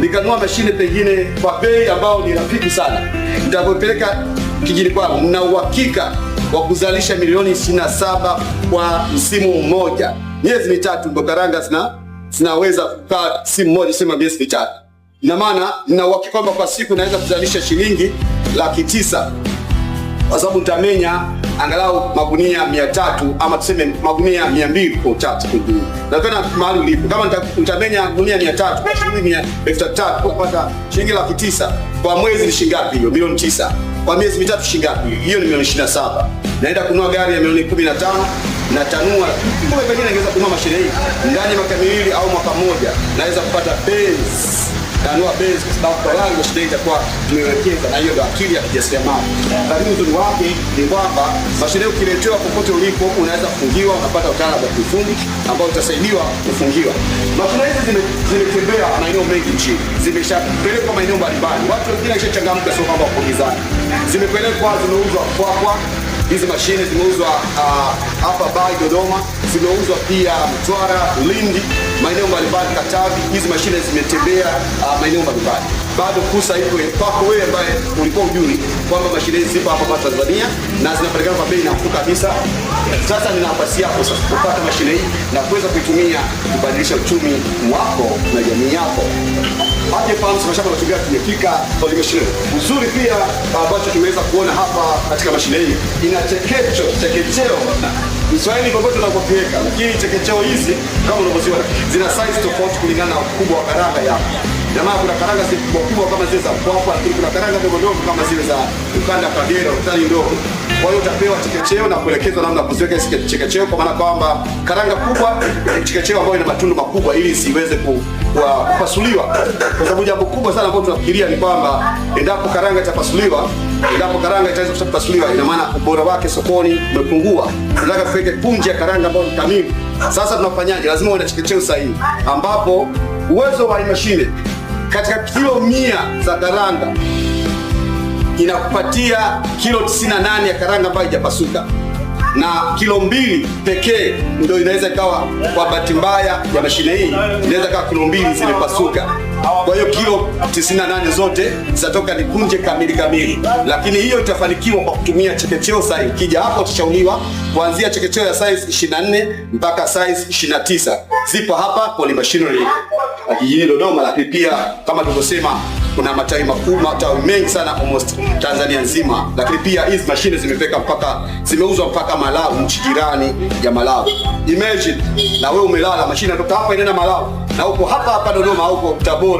nikanua mashine pengine kwa bei ambayo ni rafiki sana, nitakavyopeleka kijini kwao, mna uhakika wa kuzalisha milioni 27 kwa msimu mmoja. Miezi mitatu mbogaranga zina zinaweza kukaa simu moja, sema miezi mitatu. Ina maana nina uhakika kwamba kwa siku naweza kuzalisha shilingi laki tisa kwa sababu nitamenya angalau magunia mia tatu ama tuseme magunia mia mbili kwa uchache kujuu, nakana mahali ulipo. Kama nitamenya magunia mia tatu kwa shilingi elfu tatu kupata shilingi laki tisa kwa mwezi ni shilingi ngapi? Hiyo milioni tisa. Kwa miezi mitatu shilingi ngapi? Hiyo ni milioni ishirini na saba naenda kunua gari ya milioni 15 na tanua, kumbe pengine ningeweza kununua mashine hii ndani ya miaka miwili au mwaka mmoja, naweza kupata base Tanua base, kwa sababu kwa lango shida itakuwa tumewekeza, na hiyo ndio akili ya kijasiriamali. Lakini uzuri wake ni kwamba mashine ukiletewa popote ulipo, unaweza kufungiwa, unapata utaalamu wa kiufundi ambao utasaidiwa kufungiwa. Mashine hizi zimetembea maeneo mengi nchini, zimeshapelekwa maeneo mbalimbali, watu wengine waishachangamka, sio kwamba kuongezana, zimepelekwa, zimeuzwa kwa kwa Hizi mashine zimeuzwa uh, hapa uh, Bai Dodoma, zimeuzwa pia Mtwara, Lindi, maeneo mbalimbali, Katavi. Hizi mashine zimetembea uh, maeneo mbalimbali. Bado fursa iko kwako wewe ambaye ulikuwa ujui kwamba mashine hizi zipo hapa kwa Tanzania na zinapatikana kwa bei nafuu kabisa. Sasa ni nafasi yako sasa kupata mashine hii na kuweza kuitumia kubadilisha uchumi wako na jamii yako farms mashamba kimefika kwa ile mashine. Uzuri pia, ambacho tumeweza kuona hapa katika mashine hii ina chekecho chekecheo Kiswahili popote tunakopeka. lakini chekecheo hizi kama unavyoziona zina size tofauti kulingana na ukubwa wa karanga yako. Jamaa, kuna karanga si kubwa kubwa kama zile za kwapa, lakini kuna karanga ndogo ndogo kama zile za ukanda Kagera, utali ndogo kwa hiyo utapewa chekecheo na kuelekezwa namna kuziweka hizo chekecheo, kwa maana kwamba karanga kubwa ni chekecheo ambayo ina matundu makubwa, ili isiweze kupasuliwa, kwa sababu jambo kubwa sana ambalo tunafikiria ni kwamba endapo karanga itapasuliwa endapo karanga itaweza kupasuliwa, ina maana ubora wake sokoni umepungua. Tunataka tuweke punje ya karanga ambayo ni kamili. Sasa tunafanyaje? Lazima uwe na chekecheo sahihi, ambapo uwezo wa mashine katika kilo mia za karanga inakupatia kilo 98 ya karanga ambayo haijapasuka na kilo mbili pekee ndio inaweza ikawa, kwa bahati mbaya ya mashine hii inaweza kawa kilo mbili zimepasuka. Kwa hiyo kilo 98 zote zitatoka ni kunje kamili kamili, lakini hiyo itafanikiwa kwa kutumia chekecheo sahihi. Ukija hapo utashauriwa kuanzia chekecheo ya size 24 mpaka size 29, zipo hapa Poly Machinery jijini Dodoma, lakini pia kama tulivyosema kuna matawi makubwa, matawi mengi sana almost Tanzania nzima, lakini pia hizi mashine zimepeka mpaka zimeuzwa mpaka Malawi, nchi jirani ya Malawi. Imagine na wewe umelala, mashine inatoka hapa inaenda Malawi, na uko hapa hapa Dodoma, uko Tabora.